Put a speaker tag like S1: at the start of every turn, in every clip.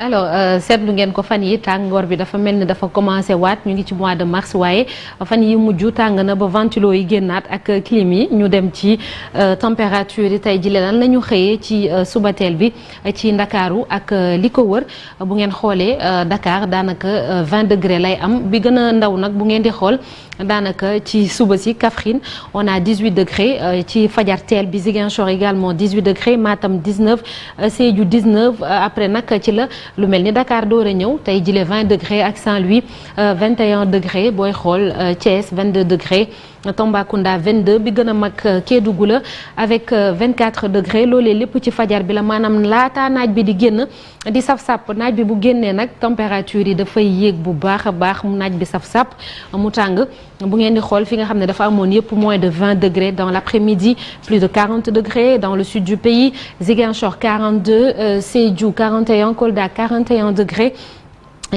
S1: alors euh, seetlu ngeen ko fan yi tàngoor bi dafa mel ni dafa commencé waat ñu ngi ci mois de mars waaye fan yi mujj tàng na ba ventilo yi génnaat ak clim yi ñu dem ci euh, température yi tey jile lan la xëyee ci euh, suba teel bi ci ndakaaru ak li ko wër bu ngeen xoolee Dakar daanaka 20 degré lay am bi gën a ndaw nag bu ngeen di xool daanaka ci suba si Kaffrine on a 18 degré ci fajar teel bi Ziguinchor également 18 degré Matam 19 Sédhiou 19 après nag ci la. lu mel ni Dakar door ñëw tey jile 20 degré ak Saint-Louis 21 euh, degré booy xool euh, Thiès 22 degré. Tambacounda 22 bi gën a mag euh, Kédougou la avec 24 euh, degré loolee lépp ci fajar bi la maanaam laata naaj bi di génn di saf-sàpp naaj bi bu génnee nag température yi dafay yéeg bu baax a baax mu naaj bi saf-sàpp mu tàng bu ngeen di xool fi nga xam ne dafa amoon yëpp moins de 20 degrés dans l'après-midi plus de 40 degrés dans le sud du pays Ziguinchor 42 euh, Sédhiou 41 Kolda 41 degrés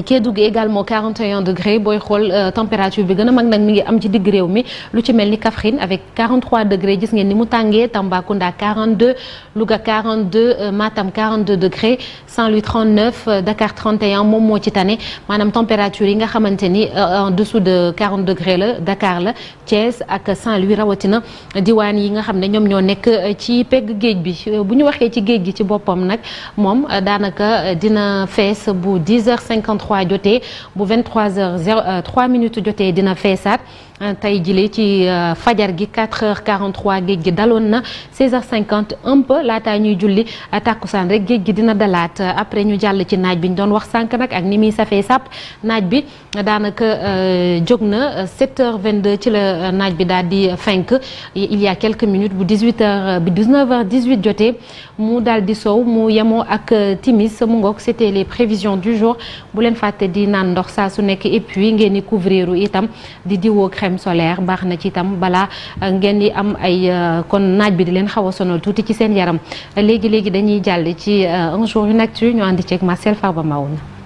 S1: Kédougou également 41 degrés booy xool euh, température bi gën a mag nag mi ngi am ci digg réew mi lu ci mel ni Kaffrine avec 43 degrés gis ngeen ni mu tàngee Tambacounda 42 Louga 42 euh, Matam 42 degrés Saint-Louis 39 euh, Dakar 31 moom moo ci tane maanaam température yi nga xamante ni en dessous de 40 degrés la dakaar la Thiès ak Saint-Louis rawatina diwaan yi nga xam ne ñoom ñoo nekk ci pegg géej bi bu ñu waxee ci géej gi ci boppam nag moom daanaka dina fees bu 10 heures 33 jotee bu 23 heures 0 3 euh, jotee dina feesaat euh, tey jile ci euh, fajar gi 4 heures 43 géej gi daloon na 16 heures 50 un ñuy julli tàkkusaan rek géej gi dina dalaat après ñu jàll ci naaj bi ñu doon wax sànq nag ak ni muy safee sàpp naaj bi daanaka jóg na 7 heures 22 ci la naaj bi daal di fenk il y a bu minutes bu 18 heures bi 19 heures 18 jotee mu daal di sow mu yemoo ak timis mu ngoog c'était les prévisions du jour leen fàtte di naan ndox saa su nekk et puis ngeen di couvrir itam di diwoo xem solaire baax na ci itam balaa euh, ngeen di am ay euh, kon naaj bi di leen xaw a sonal tuuti ci seen yaram léegi léegi dañuy jàll ci euh, un jour une actu ñu àndi ceeg Marcel Farba Maoun